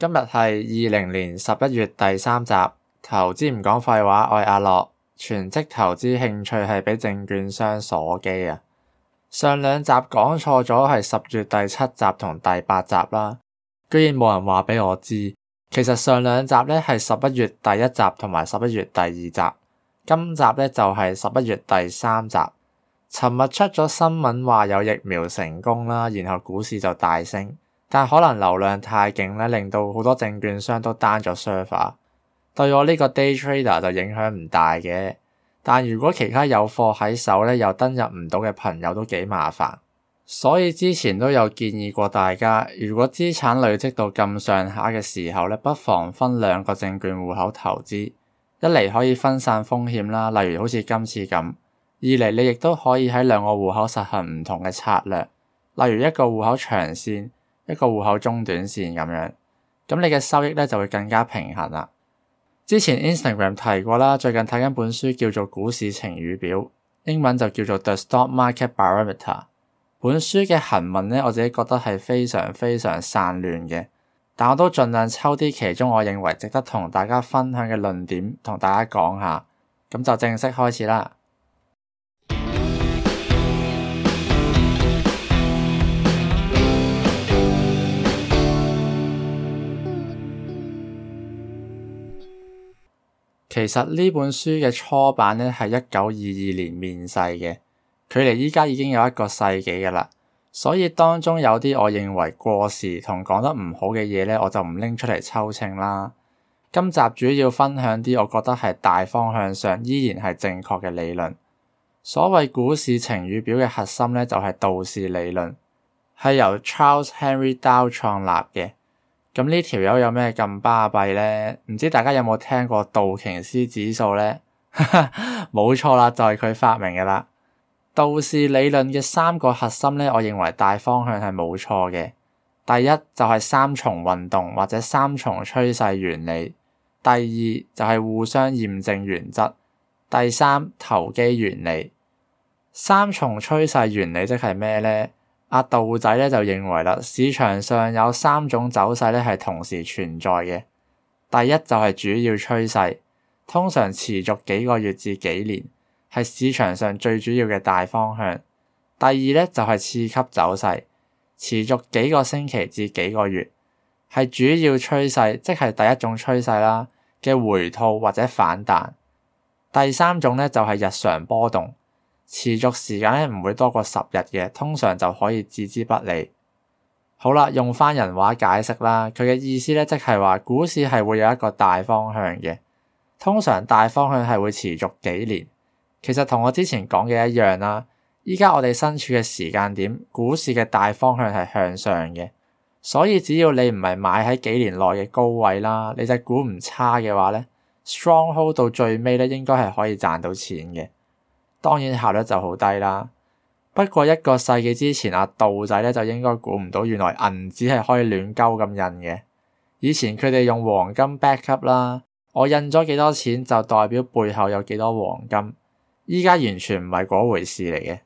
今日係二零年十一月第三集，投資唔講廢話，愛阿樂全職投資興趣係畀證券商鎖機啊！上兩集講錯咗係十月第七集同第八集啦，居然冇人話畀我知。其實上兩集呢係十一月第一集同埋十一月第二集，今集呢就係十一月第三集。尋日出咗新聞話有疫苗成功啦，然後股市就大升。.但可能流量太勁咧，令到好多證券商都 down 咗 server，對我呢個 day trader 就影響唔大嘅。但如果其他有貨喺手咧又登入唔到嘅朋友都幾麻煩，所以之前都有建議過大家，如果資產累積到咁上下嘅時候咧，不妨分兩個證券戶口投資，一嚟可以分散風險啦，例如好似今次咁；二嚟你亦都可以喺兩個戶口實行唔同嘅策略，例如一個戶口長線。一個戶口中短線咁樣，咁你嘅收益咧就會更加平衡啦。之前 Instagram 提過啦，最近睇緊本書叫做《股市晴雨表》，英文就叫做 The Stock Market Barometer。本書嘅行文咧，我自己覺得係非常非常散亂嘅，但我都盡量抽啲其中我認為值得同大家分享嘅論點，同大家講下。咁就正式開始啦。其實呢本書嘅初版呢係一九二二年面世嘅，距離依家已經有一個世紀噶啦，所以當中有啲我認為過時同講得唔好嘅嘢，呢我就唔拎出嚟抽清啦。今集主要分享啲我覺得係大方向上依然係正確嘅理論。所謂股市晴雨表嘅核心呢，就係道氏理論，係由 Charles Henry Dow 創立嘅。咁呢條友有咩咁巴閉呢？唔知大家有冇聽過道瓊斯指數呢？哈哈，冇 錯啦，就係佢發明嘅啦。道氏理論嘅三個核心呢，我認為大方向係冇錯嘅。第一就係三重運動或者三重趨勢原理。第二就係互相驗證原則。第三投機原理。三重趨勢原理即係咩呢？阿道仔咧就認為啦，市場上有三種走勢咧係同時存在嘅。第一就係主要趨勢，通常持續幾個月至幾年，係市場上最主要嘅大方向。第二咧就係次級走勢，持續幾個星期至幾個月，係主要趨勢，即係第一種趨勢啦嘅回吐或者反彈。第三種咧就係日常波動。持續時間咧唔會多過十日嘅，通常就可以置之不理。好啦，用翻人話解釋啦，佢嘅意思咧即係話，股市係會有一個大方向嘅，通常大方向係會持續幾年。其實同我之前講嘅一樣啦。依家我哋身處嘅時間點，股市嘅大方向係向上嘅，所以只要你唔係買喺幾年內嘅高位啦，你隻股唔差嘅話咧，strong hold 到最尾咧，應該係可以賺到錢嘅。當然效率就好低啦。不過一個世紀之前，阿道仔咧就應該估唔到原來銀紙係可以亂鳩咁印嘅。以前佢哋用黃金 backup 啦，我印咗幾多錢就代表背後有幾多黃金。依家完全唔係嗰回事嚟嘅，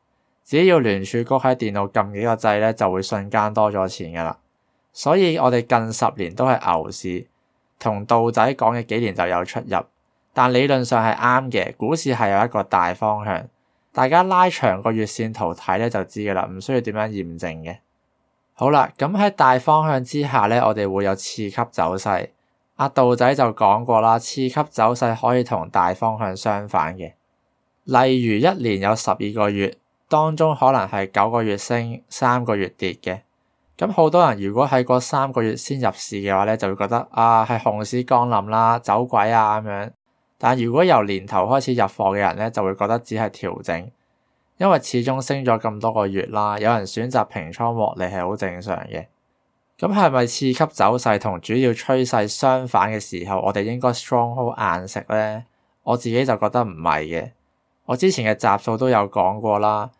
只要聯儲局喺電腦撳幾個掣咧，就會瞬間多咗錢㗎喇。所以我哋近十年都係牛市，同道仔講嘅幾年就有出入。但理論上係啱嘅，股市係有一個大方向，大家拉長個月線圖睇咧就知㗎啦，唔需要點樣驗證嘅。好啦，咁喺大方向之下咧，我哋會有次級走勢。阿、啊、道仔就講過啦，次級走勢可以同大方向相反嘅，例如一年有十二個月，當中可能係九個月升，三個月跌嘅。咁好多人如果喺嗰三個月先入市嘅話咧，就會覺得啊係熊市降臨啦，走鬼啊咁樣。但如果由年頭開始入貨嘅人咧，就會覺得只係調整，因為始終升咗咁多個月啦。有人選擇平倉獲利係好正常嘅。咁係咪次級走勢同主要趨勢相反嘅時候，我哋應該 strong hold 硬食呢？我自己就覺得唔係嘅。我之前嘅集數都有講過啦。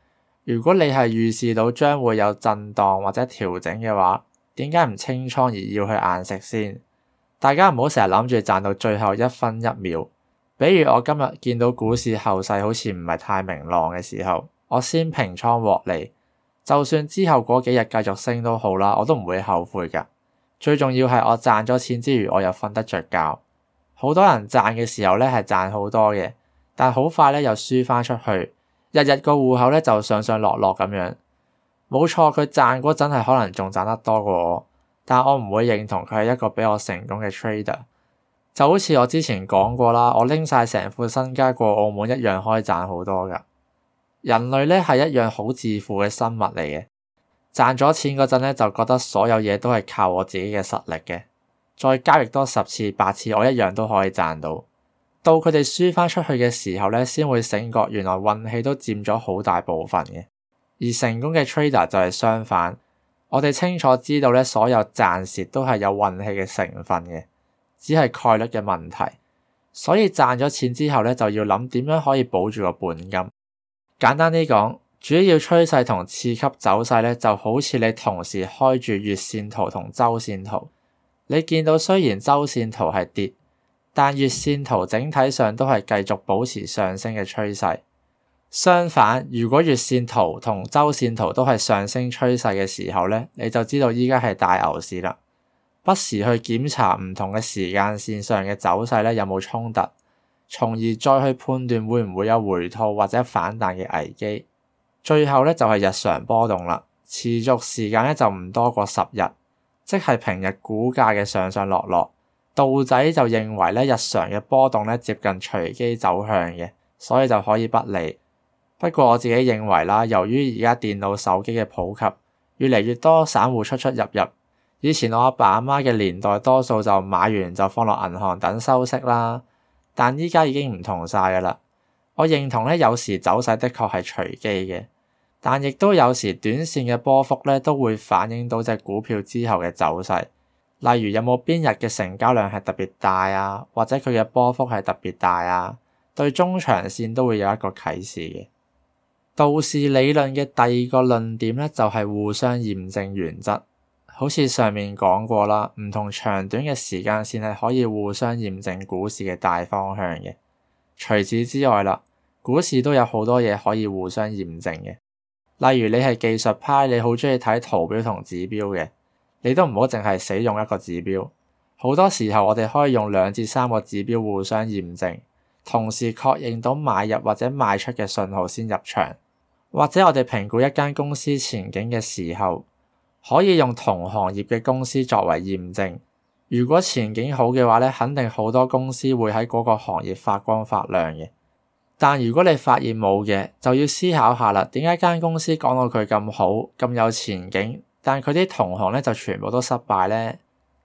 如果你係預示到將會有震盪或者調整嘅話，點解唔清倉而要去硬食先？大家唔好成日諗住賺到最後一分一秒。比如我今日見到股市後勢好似唔係太明朗嘅時候，我先平倉獲利，就算之後嗰幾日繼續升都好啦，我都唔會後悔噶。最重要係我賺咗錢之餘，我又瞓得着覺。好多人賺嘅時候咧係賺好多嘅，但好快咧又輸翻出去，日日個戶口咧就上上落落咁樣。冇錯，佢賺嗰陣係可能仲賺得多過我，但我唔會認同佢係一個比我成功嘅 trader。就好似我之前講過啦，我拎晒成副身家過澳門一樣，可以賺好多㗎。人類呢係一樣好自負嘅生物嚟嘅，賺咗錢嗰陣呢，就覺得所有嘢都係靠我自己嘅實力嘅，再交易多十次、八次，我一樣都可以賺到。到佢哋輸翻出去嘅時候呢，先會醒覺，原來運氣都佔咗好大部分嘅。而成功嘅 trader 就係相反，我哋清楚知道呢，所有賺蝕都係有運氣嘅成分嘅。只係概率嘅問題，所以賺咗錢之後咧，就要諗點樣可以保住個本金。簡單啲講，主要趨勢同次級走勢咧，就好似你同時開住月線圖同周線圖，你見到雖然周線圖係跌，但月線圖整體上都係繼續保持上升嘅趨勢。相反，如果月線圖同周線圖都係上升趨勢嘅時候咧，你就知道依家係大牛市啦。不時去檢查唔同嘅時間線上嘅走勢咧，有冇衝突，從而再去判斷會唔會有回吐或者反彈嘅危機。最後咧就係日常波動啦，持續時間咧就唔多過十日，即係平日股價嘅上上落落。道仔就認為咧，日常嘅波動咧接近隨機走向嘅，所以就可以不理。不過我自己認為啦，由於而家電腦手機嘅普及，越嚟越多散戶出出入入。以前我阿爸阿媽嘅年代，多數就買完就放落銀行等收息啦。但依家已經唔同晒噶啦。我認同咧，有時走勢的確係隨機嘅，但亦都有時短線嘅波幅咧都會反映到隻股票之後嘅走勢。例如有冇邊日嘅成交量係特別大啊，或者佢嘅波幅係特別大啊，對中長線都會有一個啟示嘅。道氏理論嘅第二個論點咧，就係互相驗證原則。好似上面講過啦，唔同長短嘅時間線係可以互相驗證股市嘅大方向嘅。除此之外啦，股市都有好多嘢可以互相驗證嘅。例如你係技術派，你好鍾意睇圖表同指標嘅，你都唔好淨係使用一個指標。好多時候我哋可以用兩至三個指標互相驗證，同時確認到買入或者賣出嘅信號先入場，或者我哋評估一間公司前景嘅時候，可以用同行業嘅公司作為驗證，如果前景好嘅話咧，肯定好多公司會喺嗰個行業發光發亮嘅。但如果你發現冇嘅，就要思考下啦，點解間公司講到佢咁好、咁有前景，但佢啲同行咧就全部都失敗咧？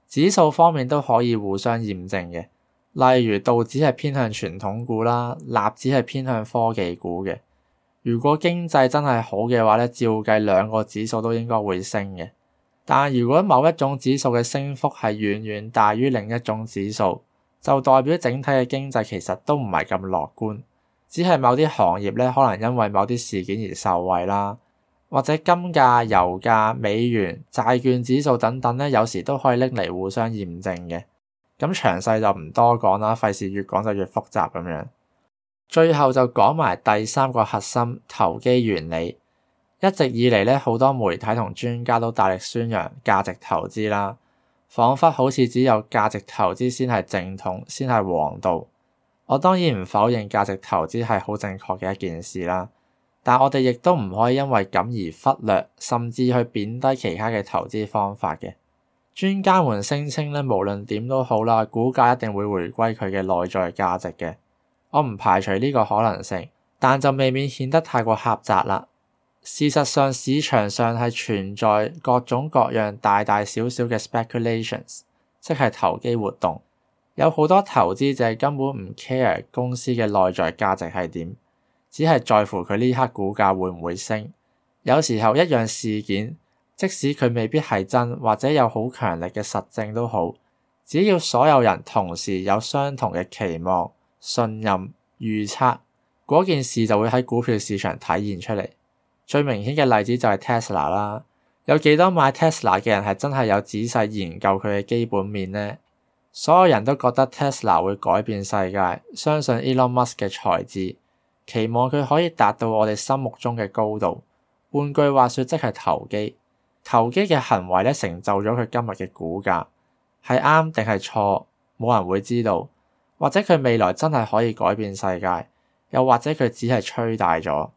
指數方面都可以互相驗證嘅，例如道指係偏向傳統股啦，納指係偏向科技股嘅。如果經濟真係好嘅話咧，照計兩個指數都應該會升嘅。但如果某一種指數嘅升幅係遠遠大於另一種指數，就代表整體嘅經濟其實都唔係咁樂觀，只係某啲行業咧可能因為某啲事件而受惠啦，或者金價、油價、美元、債券指數等等咧，有時都可以拎嚟互相驗證嘅。咁詳細就唔多講啦，費事越講就越複雜咁樣。最後就講埋第三個核心投機原理。一直以嚟咧，好多媒體同專家都大力宣揚價值投資啦，仿佛好似只有價值投資先係正統，先係王道。我當然唔否認價值投資係好正確嘅一件事啦，但我哋亦都唔可以因為咁而忽略，甚至去貶低其他嘅投資方法嘅。專家們聲稱咧，無論點都好啦，股價一定會回歸佢嘅內在價值嘅。我唔排除呢個可能性，但就未免顯得太過狹窄啦。事實上，市場上係存在各種各樣大大小小嘅 speculations，即係投機活動。有好多投資者根本唔 care 公司嘅內在價值係點，只係在乎佢呢刻股價會唔會升。有時候一樣事件，即使佢未必係真，或者有好強力嘅實證都好，只要所有人同時有相同嘅期望。信任預測嗰件事就會喺股票市場體現出嚟。最明顯嘅例子就係 Tesla 啦。有幾多買 Tesla 嘅人係真係有仔細研究佢嘅基本面呢？所有人都覺得 Tesla 會改變世界，相信 Elon Musk 嘅才智，期望佢可以達到我哋心目中嘅高度。換句話說，即係投機。投機嘅行為咧成就咗佢今日嘅股價，係啱定係錯，冇人會知道。或者佢未來真係可以改變世界，又或者佢只係吹大咗，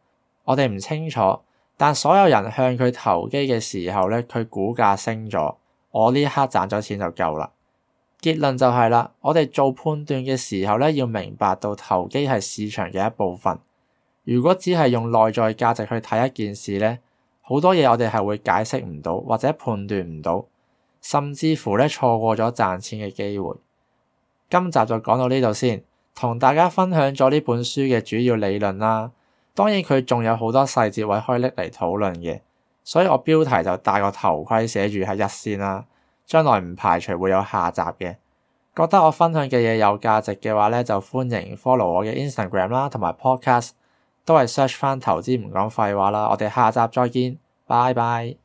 我哋唔清楚。但所有人向佢投機嘅時候咧，佢股價升咗，我呢一刻賺咗錢就夠啦。結論就係啦，我哋做判斷嘅時候咧，要明白到投機係市場嘅一部分。如果只係用內在價值去睇一件事咧，好多嘢我哋係會解釋唔到，或者判斷唔到，甚至乎咧錯過咗賺錢嘅機會。今集就講到呢度先，同大家分享咗呢本書嘅主要理論啦。當然佢仲有好多細節位可以拎嚟討論嘅，所以我標題就戴個頭盔寫住係一先啦。將來唔排除會有下集嘅。覺得我分享嘅嘢有價值嘅話咧，就歡迎 follow 我嘅 Instagram 啦，同埋 podcast 都係 search 翻投資唔講廢話啦。我哋下集再見，拜拜。